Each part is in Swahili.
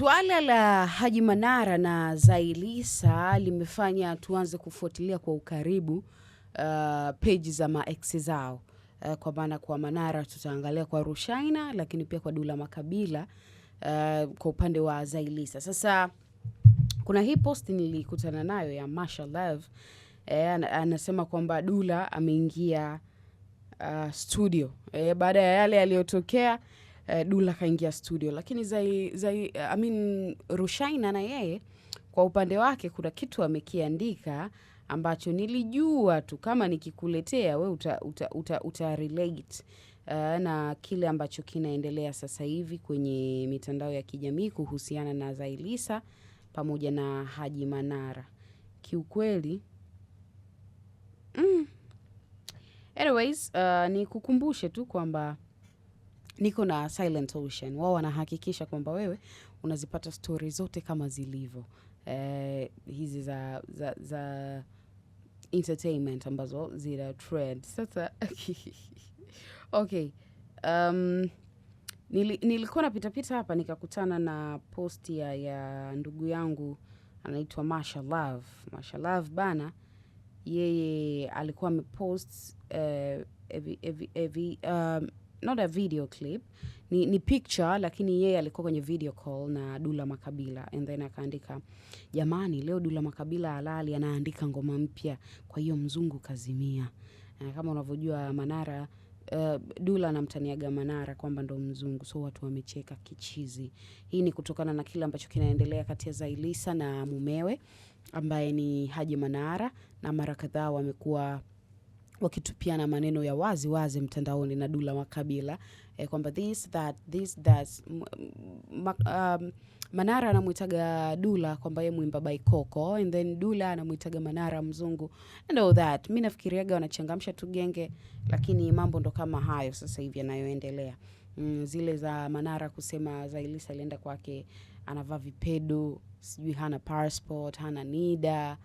Suala la Haji Manara na Zailisa limefanya tuanze kufuatilia kwa ukaribu uh, peji za maeksi zao uh, kwa maana kwa Manara tutaangalia kwa Rushaina, lakini pia kwa Dula Makabila uh, kwa upande wa Zailisa. Sasa kuna hii post nilikutana nayo ya Masha Love eh, anasema kwamba Dula ameingia uh, studio eh, baada ya yale yaliyotokea eh, Dula kaingia studio, lakini zai, zai, I mean, Rushaina na yeye kwa upande wake kuna kitu amekiandika ambacho nilijua tu kama nikikuletea we uta, uta, uta, uta relate uh, na kile ambacho kinaendelea sasa hivi kwenye mitandao ya kijamii kuhusiana na Zailisa pamoja na Haji Manara. Kiukweli mm. Anyways, uh, eh, ni kukumbushe tu kwamba niko na Silent Ocean, wao wanahakikisha kwamba wewe unazipata stori zote kama zilivyo eh, hizi za, za, za entertainment ambazo zina trend sasa. okay um, nilikuwa napitapita hapa nikakutana na posti ya, ya ndugu yangu anaitwa Masha Love. Masha Love bana, yeye alikuwa amepost uh, um, not a video clip ni, ni picture lakini yeye alikuwa kwenye video call na Dula Makabila and then akaandika, jamani, leo Dula Makabila halali anaandika ngoma mpya, kwa hiyo mzungu kazimia. Kama unavyojua Manara Uh, Dula anamtaniaga Manara kwamba ndo mzungu, so watu wamecheka kichizi. Hii ni kutokana na kile ambacho kinaendelea kati ya Zailisa na mumewe ambaye ni Haji Manara, na mara kadhaa wamekuwa wakitupia na maneno ya wazi wazi mtandaoni na Dula Makabila eh, kwamba this that this that um, Manara anamwitaga Dula kwamba yeye mwimba baikoko and then Dula anamwitaga Manara mzungu and all that. Mi nafikiriaga wanachangamsha tu genge, lakini mambo ndo kama hayo sasa hivi yanayoendelea. Mm, zile za Manara kusema Zailisa alienda kwake anavaa vipedo, sijui hana passport, hana NIDA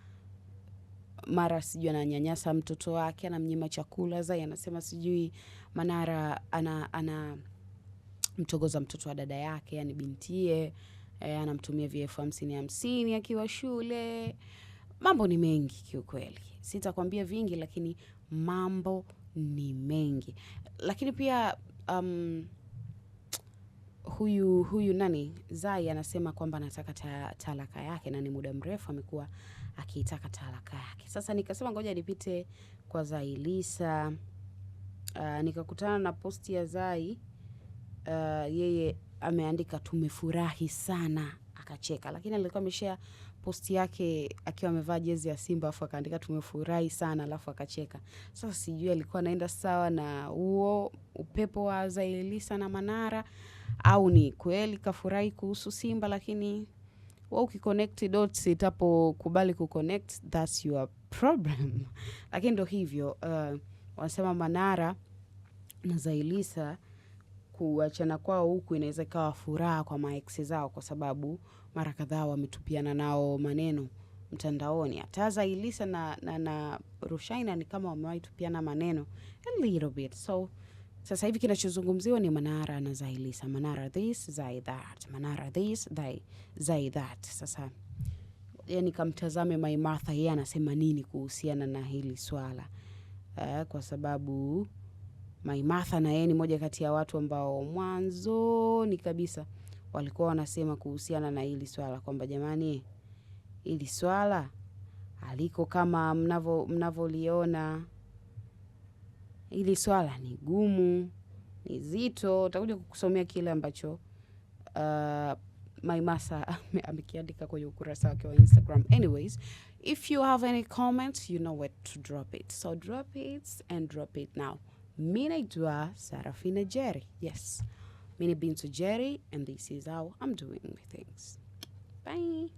mara sijui ananyanyasa mtoto wake, anamnyima chakula. Zai anasema sijui Manara ana, ana mtogoza mtoto wa dada yake, yani bintie e, anamtumia viefu hamsini hamsini akiwa shule. Mambo ni mengi kiukweli, sitakwambia vingi, lakini mambo ni mengi. Lakini pia um, huyu huyu nani Zai anasema kwamba anataka ta, talaka yake, na ni muda mrefu amekuwa akiitaka talaka yake. Sasa nikasema ngoja nipite kwa Zailisa. Uh, ah, nikakutana na posti ya Zai. Uh, yeye ameandika tumefurahi sana, akacheka, lakini alikuwa ameshea posti yake akiwa amevaa jezi ya Simba afu akaandika tumefurahi sana alafu akacheka. Sasa sijui alikuwa anaenda sawa na huo upepo wa Zailisa na Manara au ni kweli kafurahi kuhusu Simba, lakini wa ukiconnect dots itapokubali kuconnect that's your problem lakini ndo hivyo uh, wanasema manara na zailisa kuachana kwao huku inaweza ikawa furaha kwa maeksi zao kwa sababu mara kadhaa wametupiana nao maneno mtandaoni hata zailisa na, na, na rushaina ni kama wamewahi tupiana maneno a little bit so sasa hivi kinachozungumziwa ni Manara na Zailisa, Manara this Zai that, Manara this Zai, Zai that. Sasa yani kamtazame Mai Martha, yeye anasema nini kuhusiana na hili swala eh, kwa sababu Mai Martha na yeye ni moja kati ya watu ambao mwanzoni kabisa walikuwa wanasema kuhusiana na hili swala kwamba jamani, hili swala aliko kama mnavyoliona hili swala ni gumu, ni zito. Utakuja kukusomea kile ambacho uh, Maimasa amekiandika kwenye ukurasa wake wa Instagram. Anyways, if you have any comments, you know where to drop it. So drop it and drop it now. Mi naitwa Sarafina Jerry. Yes. mi ni Bintu Jerry and this is how I'm doing things. Bye.